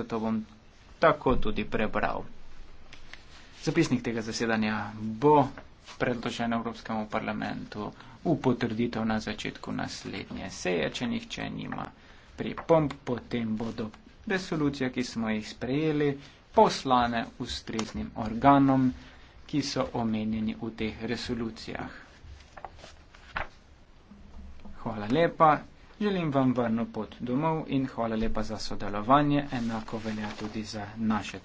zato bom tako tudi prebral. Zapisnik tega zasedanja bo predložen Evropskemu parlamentu v potrditev na začetku naslednje seje, če nihče nima pripomp, potem bodo resolucije, ki smo jih sprejeli, poslane ustreznim organom, ki so omenjeni v teh resolucijah. Hvala lepa. Želim vam varno pot domov in hvala lepa za sodelovanje, enako velja tudi za naše.